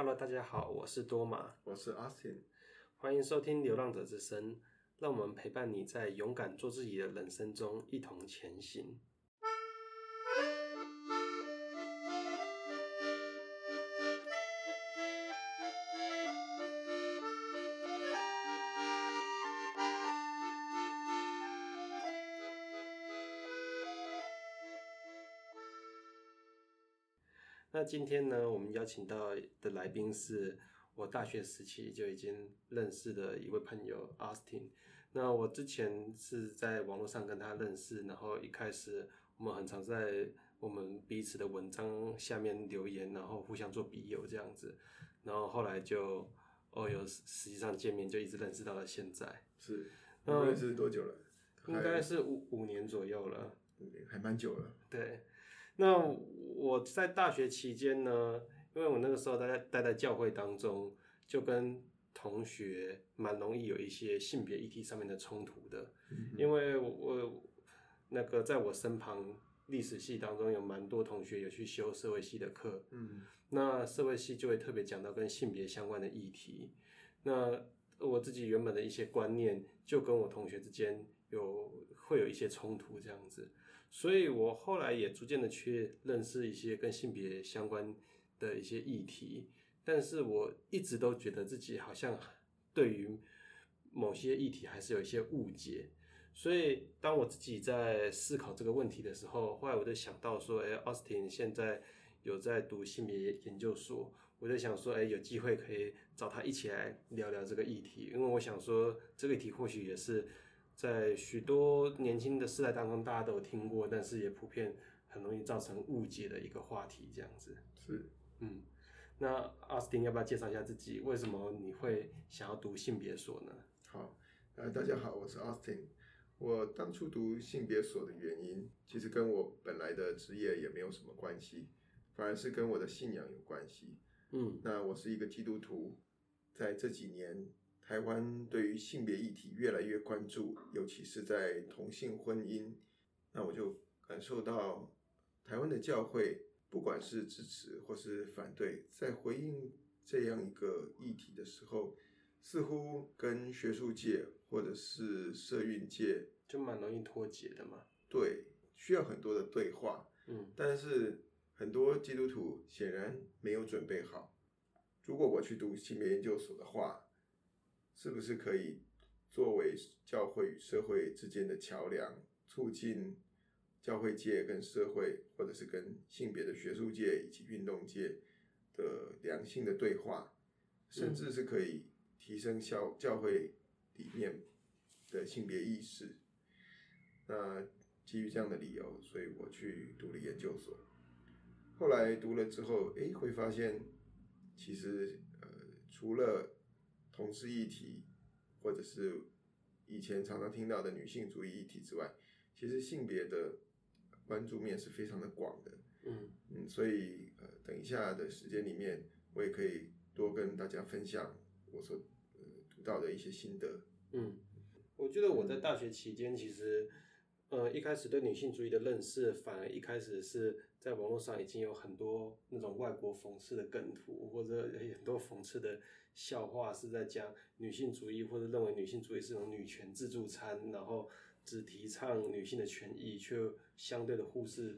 Hello，大家好，我是多瑪，我是阿信，歡迎收聽《流浪者之聲》，讓我們陪伴你在勇敢做自己的人生中一同前行。那今天呢，我們邀請到的來賓是我大學時期就已經認識的一位朋友，奧斯定。那我之前是在網絡上跟他認識，然後一開始我們很常在我們彼此的文章下面留言，然後互相做筆友這樣子，然後後來就哦有實際上見面，就一直認識到了現在。是，那認識多久了？應該是五五年左右了，還蠻久了。對。那我在大學期間呢，因為我那個時候待在待在教會當中，就跟同學蠻容易有一些性別議題上面的衝突的，嗯，因為我，我那個在我身旁歷史系當中有蠻多同學有去修社會系的課，嗯，那社會系就會特別講到跟性別相關的議題，那我自己原本的一些觀念就跟我同學之間有會有一些衝突這樣子。所以我後來也逐漸的去認識一些跟性別相關的一些議題，但是我一直都覺得自己好像對於某些議題還是有一些誤解，所以當我自己在思考這個問題的時候，後來我就想到說，哎、欸，奧斯定現在有在讀性別研究所，我就想說，哎、欸，有機會可以找他一起來聊聊這個議題，因為我想說這個議題或許也是。在許多年輕的世代當中，大家都有聽過，但是也普遍很容易造成誤解的一個話題，這樣子。是，嗯，那奧斯定要不要介紹一下自己？為什麼你會想要讀性別所呢？好，呃，大家好，我是奧斯定。我當初讀性別所的原因，其實跟我本來的職業也沒有什麼關係，反而是跟我的信仰有關係。嗯，那我是一個基督徒，在這幾年。台灣對於性別議題越來越關注，尤其是在同性婚姻，那我就感受到，台灣的教會不管是支持或是反對，在回應這樣一個議題的時候，似乎跟學術界或者是社運界就蠻容易脫節的嘛。對，需要很多的對話。嗯。但是很多基督徒顯然沒有準備好。如果我去讀性別研究所的話，是不是可以作為教會與社會之間的橋樑，促進教會界跟社會，或者是跟性別的學術界以及運動界的良性的對話，甚至是可以提升教教會裡面的性別意識。嗯、那基於這樣的理由，所以我去讀了研究所，後來讀了之後，誒，會發現其實呃，除了同性議題，或者是以前常常聽到的女性主義議題之外，其實性別的關注面是非常的廣的。嗯嗯，所以呃，等一下的時間裡面，我也可以多跟大家分享我所、呃、讀到的一些心得。嗯，我覺得我在大學期間，其實呃、嗯嗯，一開始對女性主義的認識，反而一開始是，在網絡上已經有很多那種外國諷刺的梗圖，或者很多諷刺的笑話，是在講女性主義，或者認為女性主義是一種女權自助餐，然後只提倡女性的權益，卻相對的忽視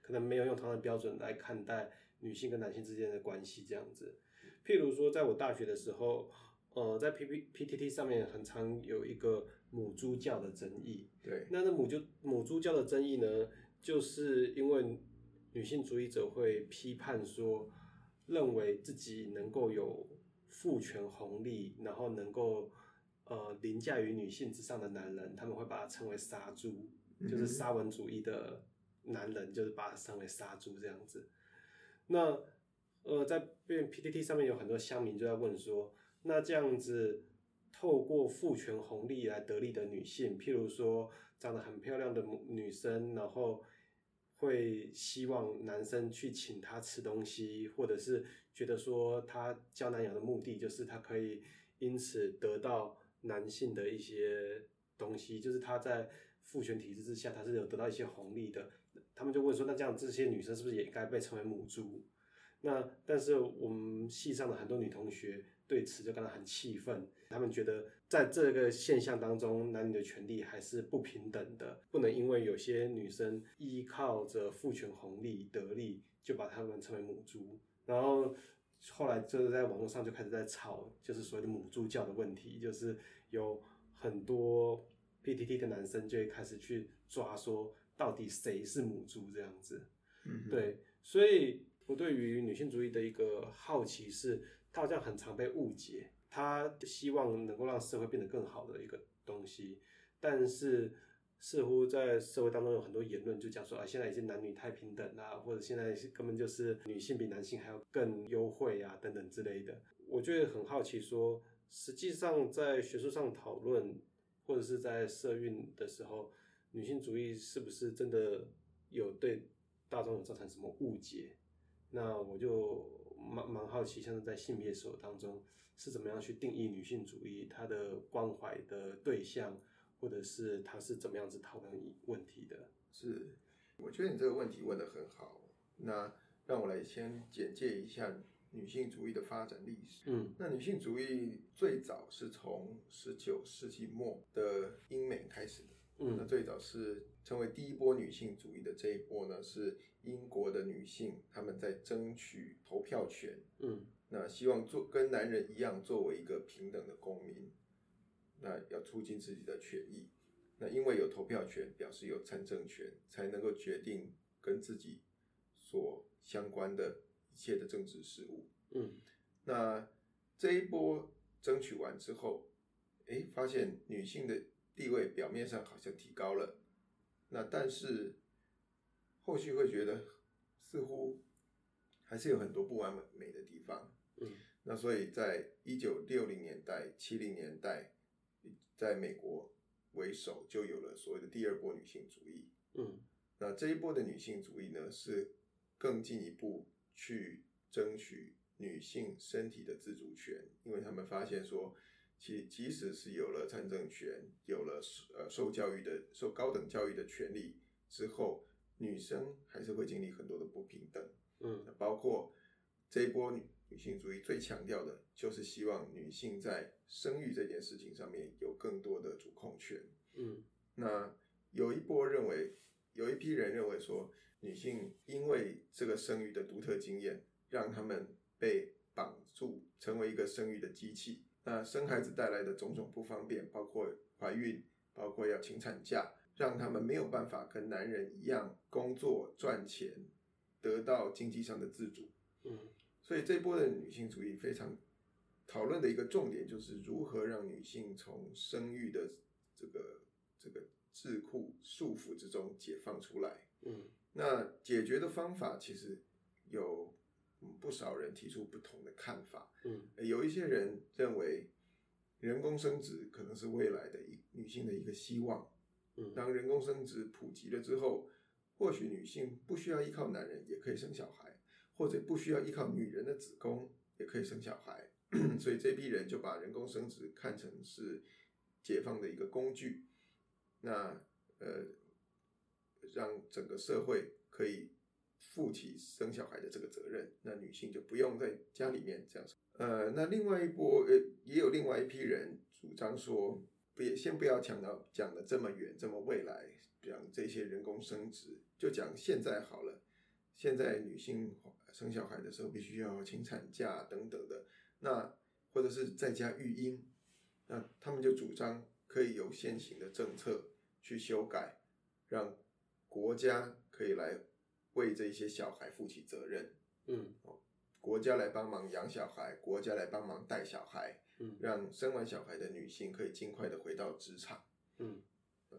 可能沒有用同樣的標準來看待女性跟男性之間的關係這樣子。譬如說，在我大學的時候，呃，在 PTT 上面很常有一個母豬教的爭議，對，那那母就母豬教的爭議呢，就是因為。女性主義者會批判說，認為自己能夠有父權紅利，然後能夠呃凌駕於女性之上的男人，他們會把他稱為沙豬，就是沙文主義的男人，就是把他稱為沙豬這樣子。那呃，在 PTT 上面有很多鄉民就在問說，那這樣子透過父權紅利來得利的女性，譬如說長得很漂亮的女生，然後。會希望男生去請她吃東西，或者是覺得說她交男友的目的就是她可以因此得到男性的一些東西，就是她在父權體制之下，她是有得到一些紅利的。他們就問說，那這樣這些女生是不是也該被稱為母豬？那但是我們系上的很多女同學對此就感到很氣憤，她們覺得。在這個現象當中，男女的權利還是不平等的。不能因為有些女生依靠着父權紅利得利，就把她們稱為母豬。然後後來就是在網絡上就開始在吵，就是所謂的母豬教的問題，就是有很多 PTT 的男生就會開始去抓說，到底誰是母豬這樣子。嗯，對，所以我對於女性主義的一個好奇是，它好像很常被誤解。他希望能夠讓社會變得更好的一個東西，但是似乎在社會當中有很多言論就講說啊，現在已經男女太平等啦，或者現在根本就是女性比男性還要更優惠啊，等等之類的。我就很好奇說，說實際上在學術上討論，或者是在社運的時候，女性主義是不是真的有對大眾有造成什麼誤解？那我就蠻蠻好奇，像是在性別所當中。是怎麼樣去定義女性主義？她的關懷的對象，或者是她是怎麼樣子討論問題的？是，我覺得你這個問題問得很好。那讓我來先簡介一下女性主義的發展歷史。嗯，那女性主義最早是從十九世紀末的英美開始的。那最早是稱為第一波女性主義的這一波呢，是英國的女性，她們在爭取投票權。嗯，那希望做跟男人一樣作為一個平等的公民，那要促進自己的權益。那因為有投票權，表示有參政權，才能夠決定跟自己所相關的一切的政治事務。嗯，那這一波爭取完之後，哎，發現女性的。地位表面上好像提高了，那但是後續會覺得似乎還是有很多不完美的地方。嗯，那所以在一九六零年代、七零年代，在美國為首就有了所謂的第二波女性主義。嗯，那這一波的女性主義呢，是更進一步去爭取女性身體的自主權，因為他們發現說。其實即使是有了參政權，有了呃受教育的、受高等教育的權利之後，女生還是會經歷很多的不平等。嗯，包括這一波女女性主義最強調的就是希望女性在生育這件事情上面有更多的主控權。嗯，那有一波認為，有一批人認為說，女性因為這個生育的獨特經驗，讓她們被綁住，成為一個生育的機器。那生孩子帶來的種種不方便，包括懷孕，包括要請產假，讓他們沒有辦法跟男人一樣工作賺錢，得到經濟上的自主。嗯，所以這一波的女性主義非常討論的一個重點，就是如何讓女性從生育的這個這個桎梏束縛之中解放出來。嗯，那解決的方法其實有不少人提出不同的看法。嗯、呃，有一些人認為人工生殖可能是未來的一女性的一個希望。嗯，當人工生殖普及了之後，或許女性不需要依靠男人也可以生小孩，或者不需要依靠女人的子宮也可以生小孩。 所以這批人就把人工生殖看成是解放的一個工具。那呃，讓整個社會可以。負起生小孩的這個責任，那女性就不用在家裡面這樣。呃，那另外一波，呃，也有另外一批人主張說，不也先不要講到講的這麼遠這麼未來，講這些人工生殖，就講現在好了。現在女性、哦、生小孩的時候必須要請產假等等的，那或者是在家育嬰，那他們就主張可以有現行的政策去修改，讓國家可以來。為這些小孩負起責任，嗯，國家來幫忙養小孩，國家來幫忙帶小孩，嗯，讓生完小孩的女性可以盡快地回到職場，嗯，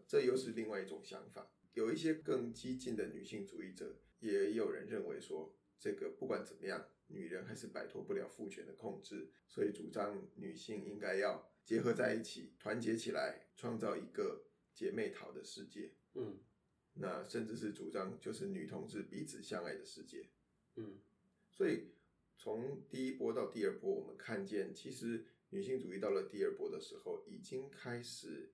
這又是另外一種想法。有一些更激進的女性主義者，也有人認為說，這個不管怎麼樣，女人還是擺脫不了父權的控制，所以主張女性應該要結合在一起，團結起來，創造一個姐妹淘的世界，嗯。那甚至是主張就是女同志彼此相愛的世界，嗯，所以從第一波到第二波，我們看見其實女性主義到了第二波的時候已經開始，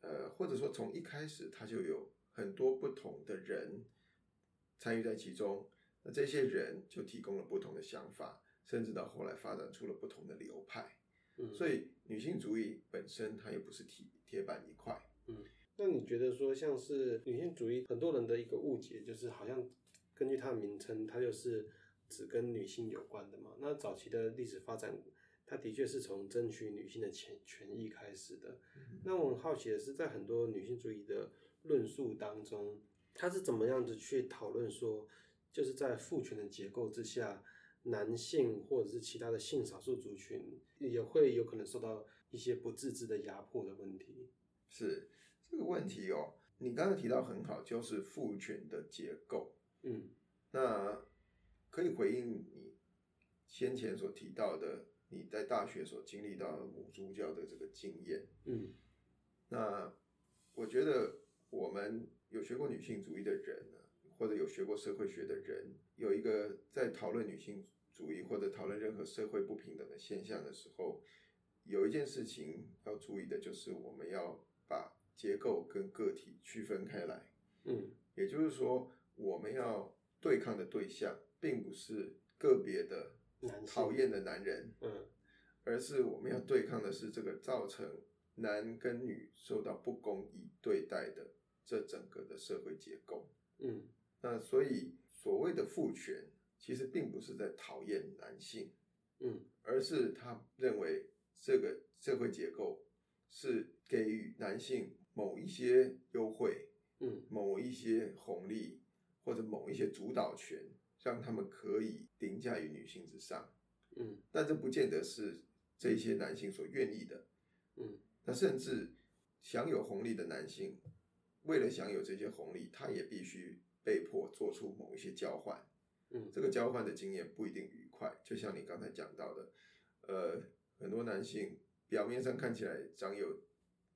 呃，或者說從一開始它就有很多不同的人參與在其中，那這些人就提供了不同的想法，甚至到後來發展出了不同的流派，嗯，所以女性主義本身它也不是鐵鐵板一塊，嗯。那你覺得說，像是女性主義，很多人的一個誤解就是，好像根據它的名稱，它就是只跟女性有關的嘛？那早期的歷史發展，它的確是從爭取女性的權權益開始的。那我好奇的是，在很多女性主義的論述當中，她是怎麼樣子去討論說，就是在父權的結構之下，男性或者是其他的性少數族群，也會有可能受到一些不自知的壓迫的問題？是。這個問題哦，你剛才提到很好，就是父權的結構。嗯，那可以回應你先前所提到的，你在大學所經歷到的母豬教的這個經驗。嗯，那我覺得我們有學過女性主義的人，或者有學過社會學的人，有一個在討論女性主義或者討論任何社會不平等的現象的時候，有一件事情要注意的就是我們要把。結構跟個體區分開來，嗯，也就是說，我們要對抗的對象，並不是個別的討厭的男人男，嗯，而是我們要對抗的是這個造成男跟女受到不公義對待的這整個的社會結構，嗯，那所以所謂的父權，其實並不是在討厭男性，嗯，而是他認為這個社會結構是給予男性。某一些優惠，嗯，某一些紅利，或者某一些主導權，讓他們可以凌駕於女性之上，嗯，但這不見得是這些男性所願意的，嗯，他甚至享有紅利的男性，為了享有這些紅利，他也必須被迫做出某一些交換，嗯，這個交換的經驗不一定愉快，就像你剛才講到的，呃，很多男性表面上看起來享有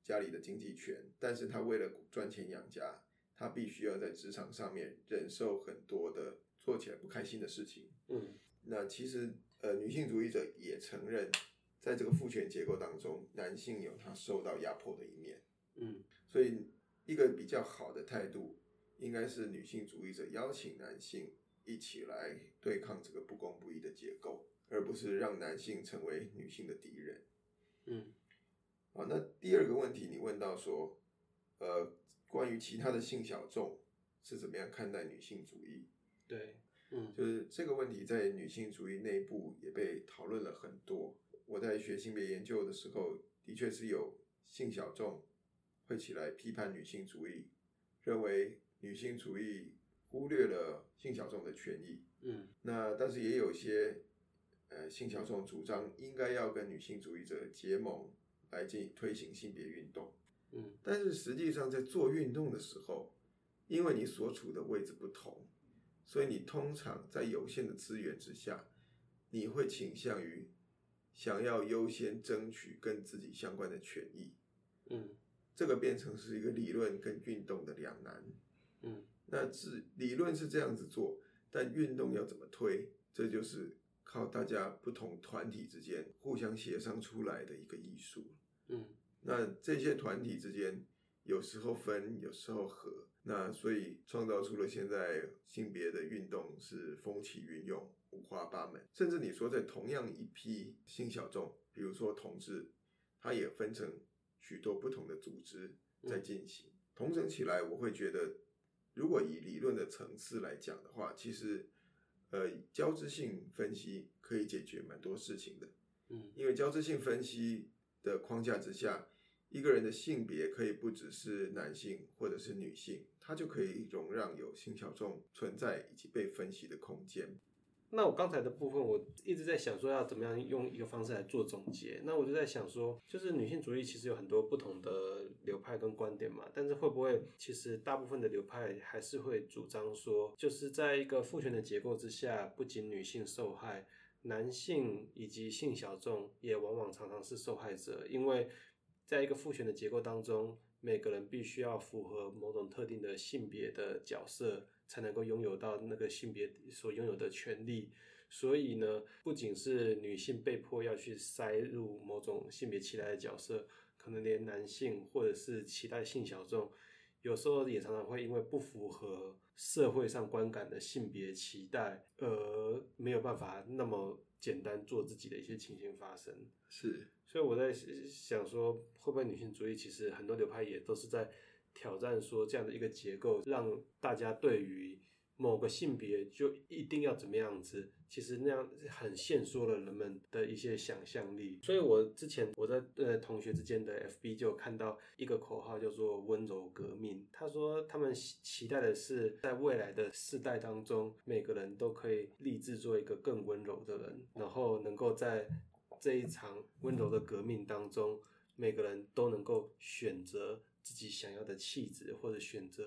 家裡的經濟權，但是他為了賺錢養家，他必須要在職場上面忍受很多的做起來不開心的事情。嗯，那其實呃，女性主義者也承認，在這個父權結構當中，男性有他受到壓迫的一面。嗯，所以一個比較好的態度，應該是女性主義者邀請男性一起來對抗這個不公不義的結構，而不是讓男性成為女性的敵人。嗯。好，那第二個問題你問到說，呃，關於其他的性小眾是怎麼樣看待女性主義？對，嗯，就是這個問題在女性主義內部也被討論了很多。我在學性別研究的時候，的確是有性小眾會起來批判女性主義，認為女性主義忽略了性小眾的權益。嗯，那但是也有些，呃，性小眾主張應該要跟女性主義者結盟來進行推行性別運動，嗯，但是實際上在做運動的時候，因為你所處的位置不同，所以你通常在有限的資源之下，你會傾向於想要優先爭取跟自己相關的權益，嗯，這個變成是一個理論跟運動的兩難，嗯，那是理論是這樣子做，但運動要怎麼推，這就是。靠大家不同團體之間互相協商出來的一個藝術，嗯，那這些團體之間有時候分，有時候合，那所以創造出了現在性別的運動是風起雲湧，五花八門，甚至你說在同樣一批性小眾，比如說同志，他也分成許多不同的組織在進行、嗯，統整起來，我會覺得，如果以理論的層次來講的話，其實。呃，交織性分析可以解決蠻多事情的。嗯，因為交織性分析的框架之下，一個人的性別可以不只是男性或者是女性，它就可以容讓有性小眾存在以及被分析的空間。那我剛才的部分，我一直在想說要怎麼樣用一個方式來做總結。那我就在想說，就是女性主義其實有很多不同的流派跟觀點嘛，但是會不會其實大部分的流派還是會主張說，就是在一個父權的結構之下，不僅女性受害，男性以及性小眾也往往常常是受害者，因為在一個父權的結構當中，每個人必須要符合某種特定的性別的角色，才能夠擁有到那個性別所擁有的權利，所以呢，不僅是女性被迫要去塞入某種性別期待的角色，可能連男性或者是期待性小眾，有時候也常常會因為不符合社會上觀感的性別期待，而、呃、沒有辦法那麼簡單做自己的一些情形發生，是，所以我在想說，會不會女性主義其實很多流派也都是在。挑戰說這樣的一個結構，讓大家對於某個性別就一定要怎麼樣子，其實那樣很限縮了人們的一些想象力。所以，我之前我在呃同學之間的 FB 就看到一個口號叫做“溫柔革命”。他說他們期待的是，在未來的世代當中，每個人都可以立志做一個更溫柔的人，然後能夠在這一場溫柔的革命當中，每個人都能夠選擇。自己想要的氣質，或者選擇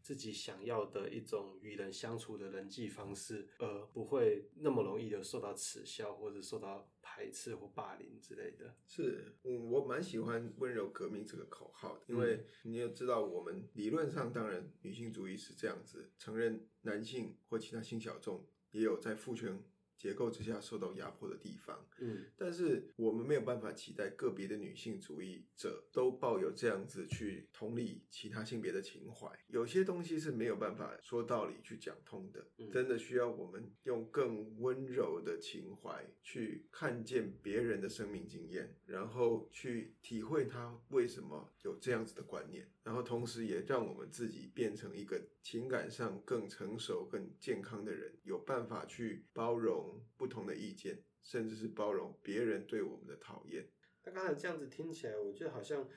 自己想要的一種與人相處的人際方式，而不會那麼容易的受到恥笑，或者受到排斥或霸凌之類的。是，我蠻喜歡“溫柔革命”這個口號的，因為你也知道，我們理論上當然女性主義是這樣子，承認男性或其他性小眾也有在父權。結構之下受到壓迫的地方，嗯，但是我們沒有辦法期待個別的女性主義者都抱有這樣子去同理其他性別的情懷，有些東西是沒有辦法說道理去講通的，嗯，真的需要我們用更溫柔的情懷去看見別人的生命經驗，然後去體會他為什麼有這樣子的觀念，然後同時也讓我們自己變成一個情感上更成熟、更健康的人，有辦法去包容。不同的意見，甚至是包容別人對我們的討厭。那剛才這樣子聽起來，我覺得好像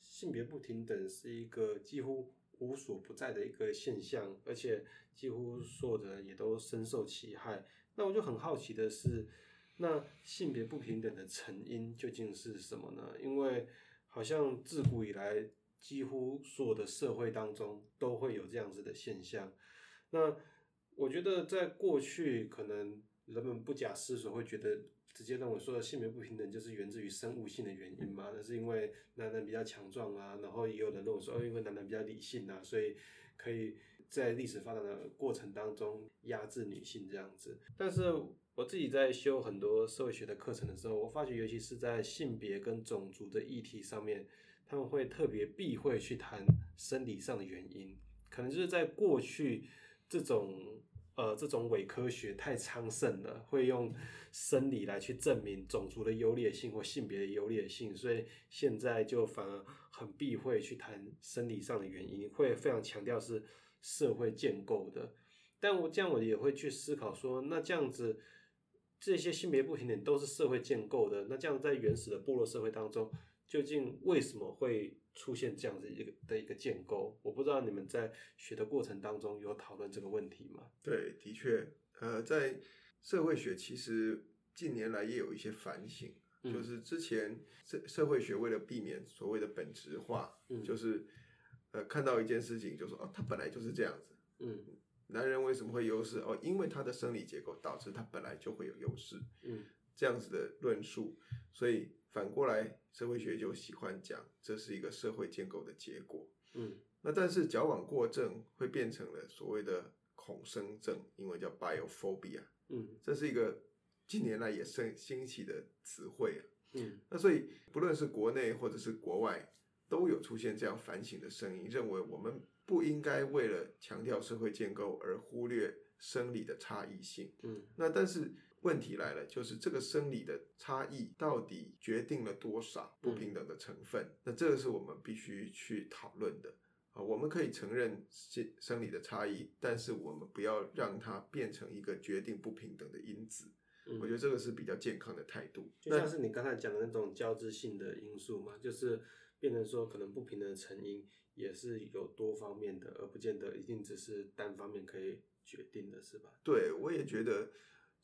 性別不平等是一個幾乎無所不在的一個現象，而且幾乎所有人也都深受其害。那我就很好奇的是，那性別不平等的成因究竟是什麼呢？因為好像自古以來，幾乎所有的社會當中都會有這樣子的現象。那我覺得在過去可能。人們不假思索會覺得，直接讓我說的性別不平等就是源自於生物性的原因嘛？那是因為男人比較強壯啊，然後也有人認為說、哦，因為男人比較理性啊，所以可以在歷史發展的過程當中壓制女性這樣子。但是我自己在修很多社會學的課程的時候，我發覺，尤其是在性別跟種族的議題上面，他們會特別避諱去談生理上的原因，可能就是在過去這種。呃，這種偽科學太昌盛了，會用生理來去證明種族的優劣性或性別的優劣性，所以現在就反而很避諱去談生理上的原因，會非常強調是社會建構的。但我這樣，我也會去思考說，那這樣子這些性別不平等都是社會建構的，那這樣在原始的部落社會當中。究竟為什麼會出現這樣子一個的一個建構？我不知道你們在學的過程當中有討論這個問題嗎？對，的確，呃，在社會學其實近年來也有一些反省，嗯、就是之前社社會學為了避免所謂的本質化，嗯、就是呃看到一件事情就說、是、哦，他本來就是這樣子，嗯，男人為什麼會優勢？哦，因為他的生理結構導致他本來就會有優勢，嗯，這樣子的論述，所以。反過來，社會學就喜歡講這是一個社會建構的結果。嗯，那但是矯枉過正會變成了所謂的恐生症，英文叫 biophobia。嗯，這是一個近年來也新興起的詞彙啊。嗯，那所以不論是國內或者是國外，都有出現這樣反省的聲音，認為我們不應該為了強調社會建構而忽略生理的差異性。嗯，那但是。問題來了，就是這個生理的差異到底決定了多少不平等的成分？嗯、那這個是我們必須去討論的啊。我們可以承認生生理的差異，但是我們不要讓它變成一個決定不平等的因子。嗯、我覺得這個是比較健康的態度。就像是你剛才講的那種交織性的因素嘛，就是變成說可能不平等的成因也是有多方面的，而不見得一定只是單方面可以決定的，是吧、嗯？對，我也覺得。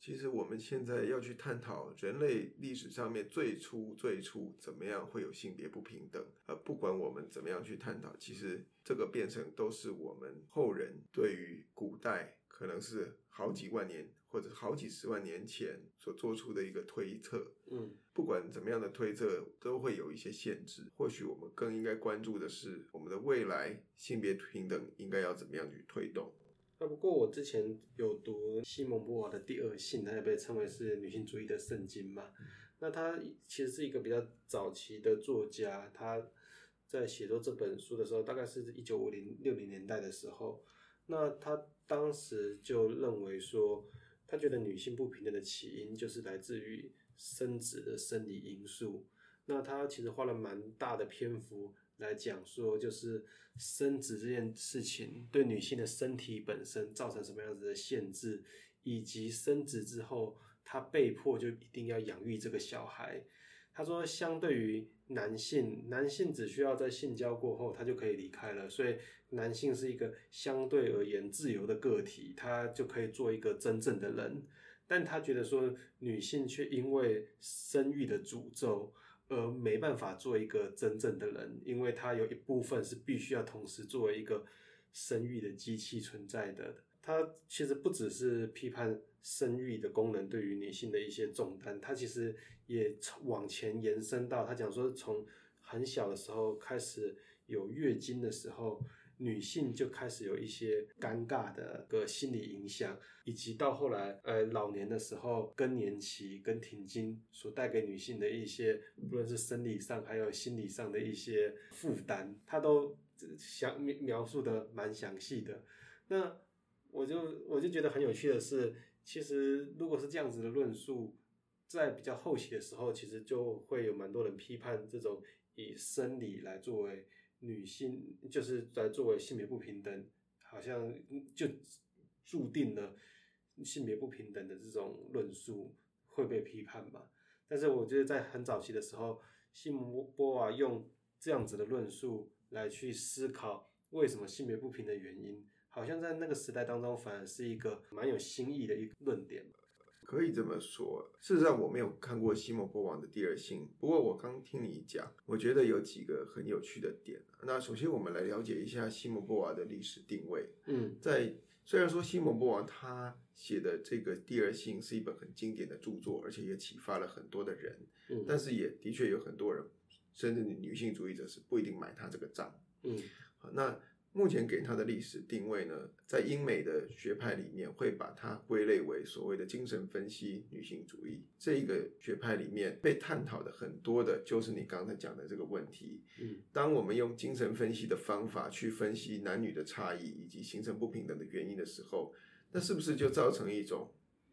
其實我們現在要去探討人類歷史上面最初最初怎麼樣會有性別不平等，呃，不管我們怎麼樣去探討，其實這個變成都是我們後人對於古代可能是好幾萬年或者好幾十萬年前所做出的一個推測。嗯，不管怎麼樣的推測，都會有一些限制。或許我們更應該關注的是我們的未來性別平等應該要怎麼樣去推動。那不過我之前有讀西蒙波娃的《第二性》，它也被稱為是女性主義的聖經嘛。那她其實是一個比較早期的作家，她在寫作這本書的時候，大概是一九五零六零年代的時候。那她當時就認為說，她覺得女性不平等的起因就是來自於生殖的生理因素。那她其實花了蠻大的篇幅。來講說，就是生殖這件事情對女性的身體本身造成什麼樣子的限制，以及生殖之後她被迫就一定要養育這個小孩。她說，相對於男性，男性只需要在性交過後，他就可以離開了，所以男性是一個相對而言自由的個體，他就可以做一個真正的人。但她覺得說，女性卻因為生育的詛咒。而沒辦法做一個真正的人，因為他有一部分是必須要同時作為一個生育的機器存在的。他其實不只是批判生育的功能對於女性的一些重擔，他其實也往前延伸到，他講說從很小的時候開始有月經的時候。女性就開始有一些尷尬的個心理影響，以及到後來，呃，老年的時候更年期跟停經所帶給女性的一些，不論是生理上還有心理上的一些負擔，她都想描描述的蠻詳細的。那我就我就覺得很有趣的是，其實如果是這樣子的論述，在比較後期的時候，其實就會有蠻多人批判這種以生理來作為。女性就是在作為性別不平等，好像就注定了性別不平等的這種論述會被批判吧。但是我覺得在很早期的時候，西蒙波娃、啊、用這樣子的論述來去思考為什麼性別不平的原因，好像在那個時代當中，反而是一個蠻有新意的一個論點。可以這麼說，事實上我沒有看過西蒙波娃的第二性，不過我剛聽你講，我覺得有幾個很有趣的點。那首先我們來了解一下西蒙波娃的歷史定位。嗯，在雖然說西蒙波娃她寫的這個第二性是一本很經典的著作，而且也啟發了很多的人。嗯，但是也的確有很多人，甚至女性主義者是不一定買她這個賬。嗯，好，那。目前給他的歷史定位呢，在英美的學派裡面，會把它歸類為所謂的精神分析女性主義。這一個學派裡面被探討的很多的就是你剛才講的這個問題。嗯，當我們用精神分析的方法去分析男女的差異以及形成不平等的原因的時候，那是不是就造成一種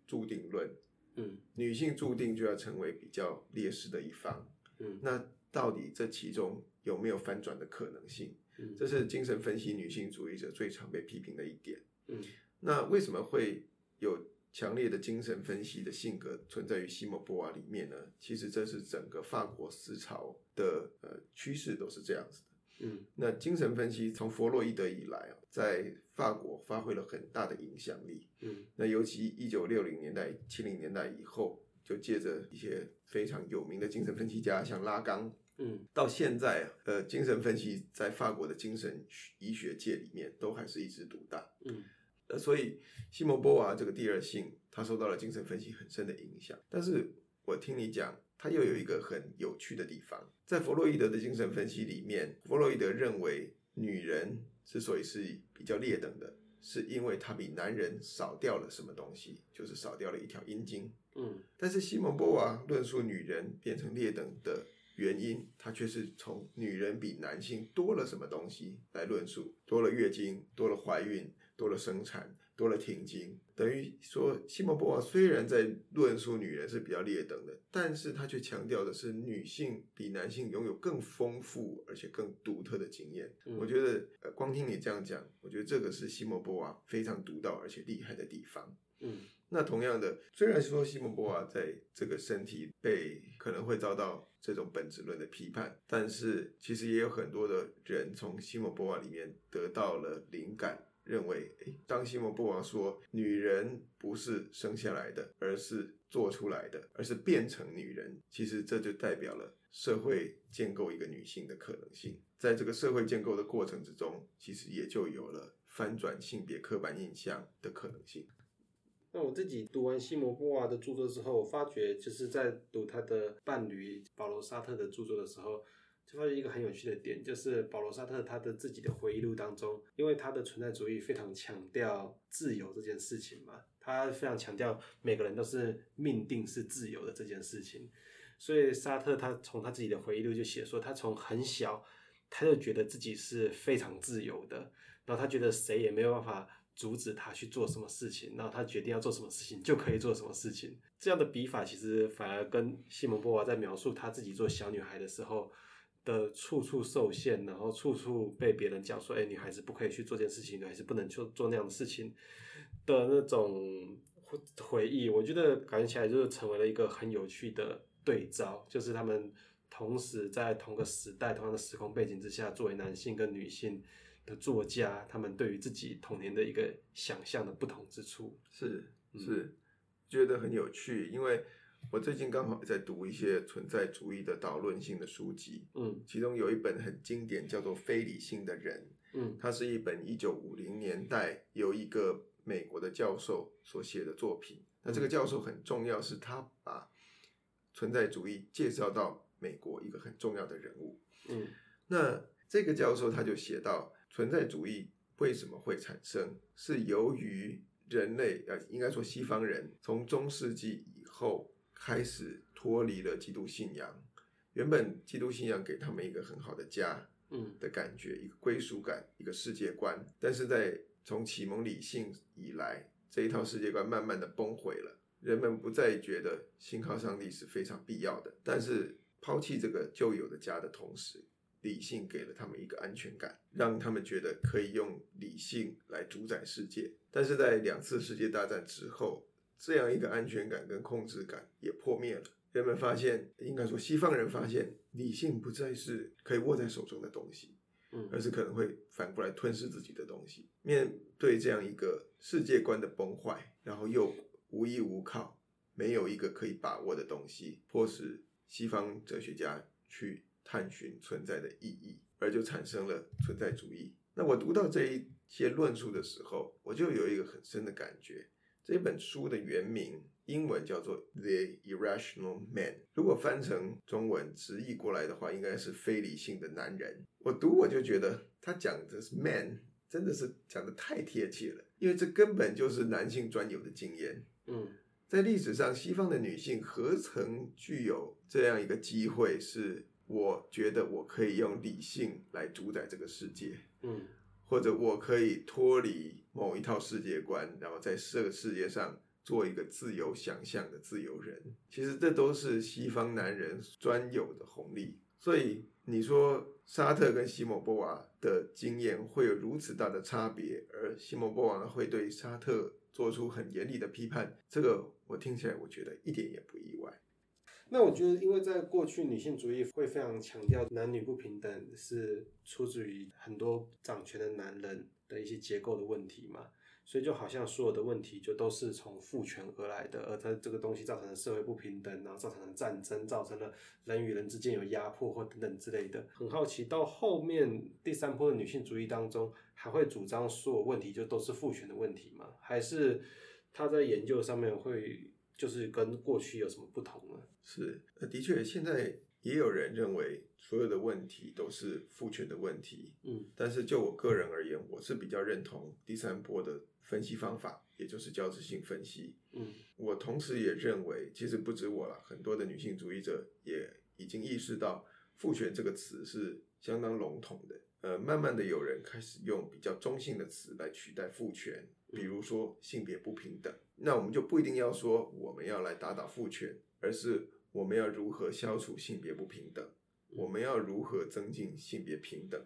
注定論？嗯，女性注定就要成為比較劣勢的一方。嗯，那。到底這其中有沒有翻轉的可能性？這是精神分析女性主義者最常被批評的一點。嗯，那為什麼會有強烈的精神分析的性格存在於西蒙波娃裡面呢？其實這是整個法國思潮的呃趨勢都是這樣子的。嗯，那精神分析從弗洛伊德以來在法國發揮了很大的影響力。嗯，那尤其一九六零年代、七零年代以後。就借着一些非常有名的精神分析家，像拉岡，嗯，到現在，呃，精神分析在法國的精神醫學界裡面都還是一枝獨大，嗯，呃，所以西蒙波娃這個第二性，他受到了精神分析很深的影響。但是我聽你講，他又有一個很有趣的地方，在弗洛伊德的精神分析裡面，弗洛伊德認為女人之所以是比較劣等的，是因為她比男人少掉了什麼東西，就是少掉了一條陰莖。嗯，但是西蒙波娃論述女人變成劣等的原因，她卻是從女人比男性多了什麼東西來論述，多了月經，多了懷孕，多了生產，多了停經，等於說西蒙波娃雖然在論述女人是比較劣等的，但是她卻強調的是女性比男性擁有更豐富而且更獨特的經驗。嗯，我覺得，呃，光聽你這樣講，我覺得這個是西蒙波娃非常獨到而且厲害的地方。嗯。那同樣的，雖然說西蒙波娃在這個身體被可能會遭到這種本質論的批判，但是其實也有很多的人從西蒙波娃裡面得到了靈感，認為，哎，當西蒙波娃說女人不是生下來的，而是做出來的，而是變成女人，其實這就代表了社會建構一個女性的可能性。在這個社會建構的過程之中，其實也就有了翻轉性別刻板印象的可能性。那我自己讀完西蒙波娃的著作之後，我發覺就是在讀他的伴侶保羅沙特的著作的時候，就發現一個很有趣的點，就是保羅沙特他的自己的回憶錄當中，因為他的存在主義非常強調自由這件事情嘛，他非常強調每個人都是命定是自由的這件事情，所以沙特他從他自己的回憶錄就寫說，他從很小他就覺得自己是非常自由的，然後他覺得誰也沒有辦法阻止他去做什麼事情，然後他決定要做什麼事情就可以做什麼事情。這樣的比法其實反而跟西蒙波娃、啊、在描述她自己做小女孩的時候的處處受限，然後處處被別人講說，哎，女孩子不可以去做這件事情，女孩子不能去做那樣的事情的那種回憶，我覺得感覺起來就是成為了一個很有趣的對照，就是他們同時在同個時代、同樣的時空背景之下，作為男性跟女性。的作家，他們對於自己童年的一個想象的不同之處，是、嗯、是覺得很有趣，因為我最近剛好在讀一些存在主義的導論性的書籍，嗯，其中有一本很經典，叫做《非理性的人》，嗯，它是一本一九五零年代由一個美國的教授所寫的作品，嗯、那這個教授很重要，是他把存在主義介紹到美國一個很重要的人物，嗯，那這個教授他就寫到。存在主義為什麼會產生？是由於人類，呃，應該說西方人從中世紀以後開始脫離了基督信仰，原本基督信仰給他們一個很好的家，嗯的感覺、嗯，一個歸屬感，一個世界觀。但是在從啟蒙理性以來，這一套世界觀慢慢的崩毀了，人們不再覺得信靠上帝是非常必要的。但是拋棄這個舊有的家的同時，理性給了他們一個安全感，讓他們覺得可以用理性來主宰世界。但是在兩次世界大戰之後，這樣一個安全感跟控制感也破滅了。人們發現，應該說西方人發現，理性不再是可以握在手中的東西，而是可能會反過來吞噬自己的東西。嗯，面對這樣一個世界觀的崩壞，然後又無依無靠，沒有一個可以把握的東西，迫使西方哲學家去探尋存在的意義，而就產生了存在主義。那我讀到這一些論述的時候，我就有一個很深的感覺。這本書的原名英文叫做《The Irrational Man》，如果翻成中文直譯過來的話，應該是“非理性的男人”。我讀我就覺得，他講的是 “man”，真的是講得太貼切了，因為這根本就是男性專有的經驗。嗯，在歷史上，西方的女性何曾具有這樣一個機會？是？我覺得我可以用理性來主宰這個世界，嗯，或者我可以脫離某一套世界觀，然後在這個世界上做一個自由想象的自由人。其實這都是西方男人專有的紅利。所以你說沙特跟西蒙波娃的經驗會有如此大的差別，而西蒙波娃呢，會對沙特做出很嚴厲的批判，這個我聽起來我覺得一點也不意外。那我覺得，因為在過去，女性主義會非常強調男女不平等是出自於很多掌權的男人的一些結構的問題嘛，所以就好像所有的問題就都是從父權而來的，而它這個東西造成了社會不平等，然後造成了戰爭，造成了人與人之間有壓迫或等等之類的。很好奇，到後面第三波的女性主義當中，還會主張所有問題就都是父權的問題嗎？還是他在研究上面會就是跟過去有什麼不同呢？是，呃，的確，現在也有人認為所有的問題都是父權的問題，嗯，但是就我個人而言，我是比較認同第三波的分析方法，也就是交織性分析，嗯，我同時也認為，其實不止我啦，很多的女性主義者也已經意識到父權這個詞是相當籠統的，呃，慢慢的有人開始用比較中性的詞來取代父權，比如說性別不平等，嗯，那我們就不一定要說我們要來打倒父權。而是我們要如何消除性別不平等，我們要如何增進性別平等？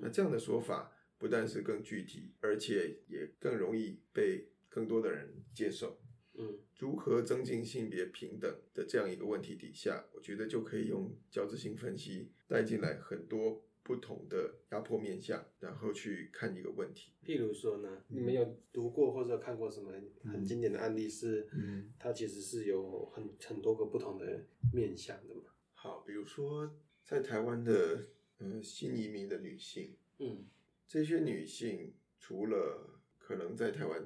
那這樣的說法不但是更具體，而且也更容易被更多的人接受。嗯，如何增進性別平等的這樣一個問題底下，我覺得就可以用交織性分析帶進來很多。不同的壓迫面向，然後去看一個問題。譬如說呢，你們有讀過或者看過什麼很經典的案例是？是、嗯，它其實是有很很多個不同的面向的嘛。好，比如說在台灣的，嗯、呃，新移民的女性，嗯，這些女性除了可能在台灣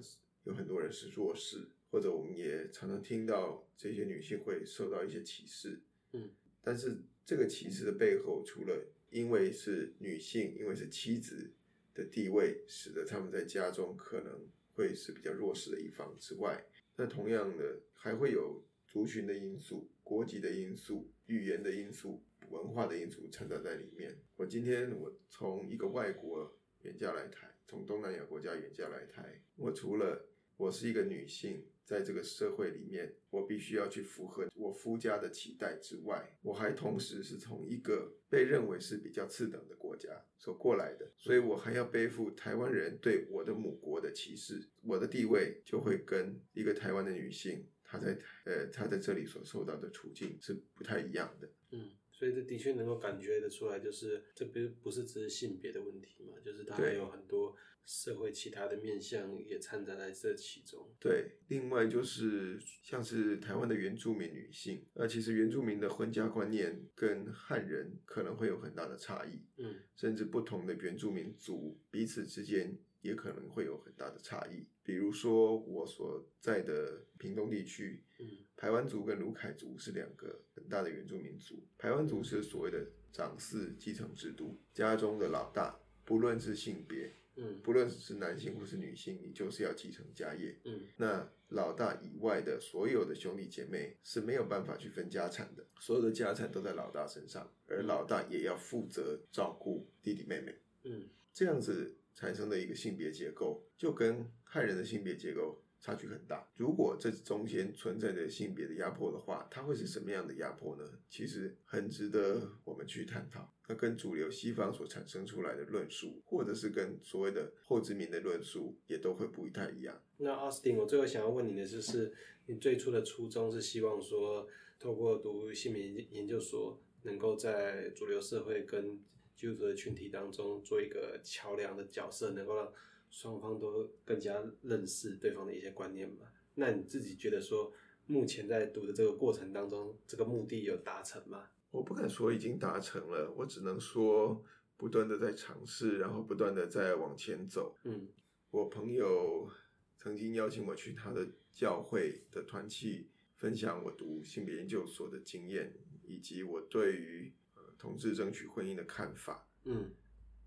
有很多人是弱勢，或者我們也常常聽到這些女性會受到一些歧視，嗯，但是這個歧視的背後，除了因為是女性，因為是妻子的地位，使得她們在家中可能會是比較弱勢的一方之外，那同樣的還會有族群的因素、國籍的因素、語言的因素、文化的因素摻雜在裡面。我今天我從一個外國遠嫁來台，從東南亞國家遠嫁來台，我除了我是一個女性。在這個社會裡面，我必須要去符合我夫家的期待之外，我還同時是從一個被認為是比較次等的國家所過來的，所以我還要背負台灣人對我的母國的歧視，我的地位就會跟一個台灣的女性，她在呃，她在這裡所受到的處境是不太一樣的。嗯，所以這的確能夠感覺得出來，就是這不不是只是性別的問題嘛，就是它還有很多。社會其他的面向也摻雜在這其中。對，另外就是像是台灣的原住民女性，那其實原住民的婚嫁觀念跟漢人可能會有很大的差異。嗯，甚至不同的原住民族彼此之間也可能會有很大的差異。比如說我所在的屏東地區，嗯，排灣族跟魯凱族是兩個很大的原住民族。排灣族是所謂的長嗣繼承制度，家中的老大不論是性別。嗯，不論是男性或是女性，嗯，你就是要繼承家業。嗯，那老大以外的所有的兄弟姐妹是沒有辦法去分家產的，所有的家產都在老大身上，而老大也要負責照顧弟弟妹妹。嗯，這樣子產生的一個性別結構，就跟漢人的性別結構。差距很大。如果這中間存在着性別的壓迫的話，它會是什麼樣的壓迫呢？其實很值得我們去探討。那跟主流西方所產生出來的論述，或者是跟所謂的後殖民的論述，也都會不太一樣。那奧斯定，我最後想要問你的，就是，是你最初的初衷是希望說，透過讀性別研究所，能夠在主流社會跟舊的群體當中做一個橋梁的角色，能夠讓。雙方都更加認識對方的一些觀念嘛？那你自己覺得說，目前在讀的這個過程當中，這個目的有達成嗎？我不敢說已經達成了，我只能說不斷的在嘗試，然後不斷的在往前走。嗯，我朋友曾經邀請我去他的教會的團體分享我讀性別研究所的經驗，以及我對於，呃，同志爭取婚姻的看法。嗯，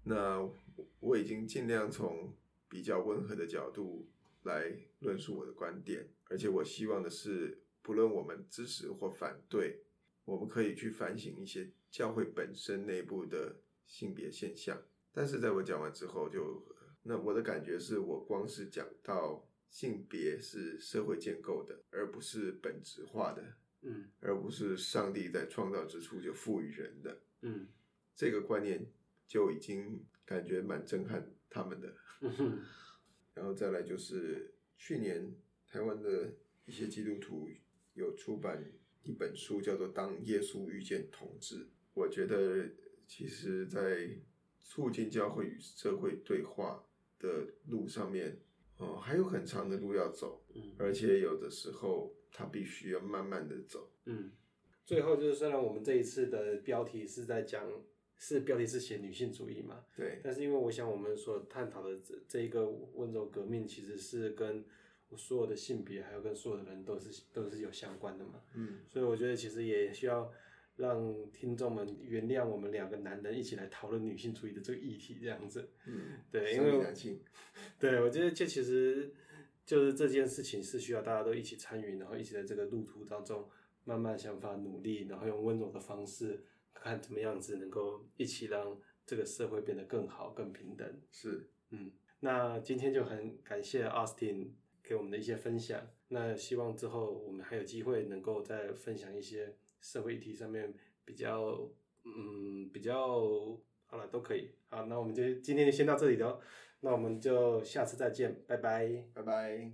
那我已經儘量從。比較溫和的角度來論述我的觀點，而且我希望的是，不論我們支持或反對，我們可以去反省一些教會本身內部的性別現象。但是在我講完之後就，就那我的感覺是我光是講到性別是社會建構的，而不是本質化的，嗯，而不是上帝在創造之初就賦予人的，嗯，這個觀念就已經感覺蠻震撼的。他們的， 然後再來就是去年台灣的一些基督徒有出版一本書，叫做《當耶穌遇見同志》。我覺得，其實，在促進教會與社會對話的路上面，哦、嗯、還有很長的路要走，嗯、而且有的時候他必須要慢慢的走，嗯。最後就是，雖然我們這一次的標題是在講。是標題是寫女性主義嘛？對。但是因為我想我們所探討的這這一個溫柔革命，其實是跟我所有的性別還有跟所有的人都是都是有相關的嘛。嗯。所以我覺得其實也需要讓聽眾們原諒我們兩個男人一起來討論女性主義的這個議題這樣子。嗯、對。生理男性，因為，對，我覺得這其實就是這件事情是需要大家都一起參與，然後一起在這個路途當中慢慢想法努力，然後用溫柔的方式，看怎麼樣子能夠一起讓這個社會變得更好、更平等。是，嗯，那今天就很感謝奧斯定給我們的一些分享。那希望之後我們還有機會能夠再分享一些社會議題上面比較，嗯，比較好了都可以。好，那我們就今天就先到這裡嘍。那我們就下次再見，拜拜，拜拜。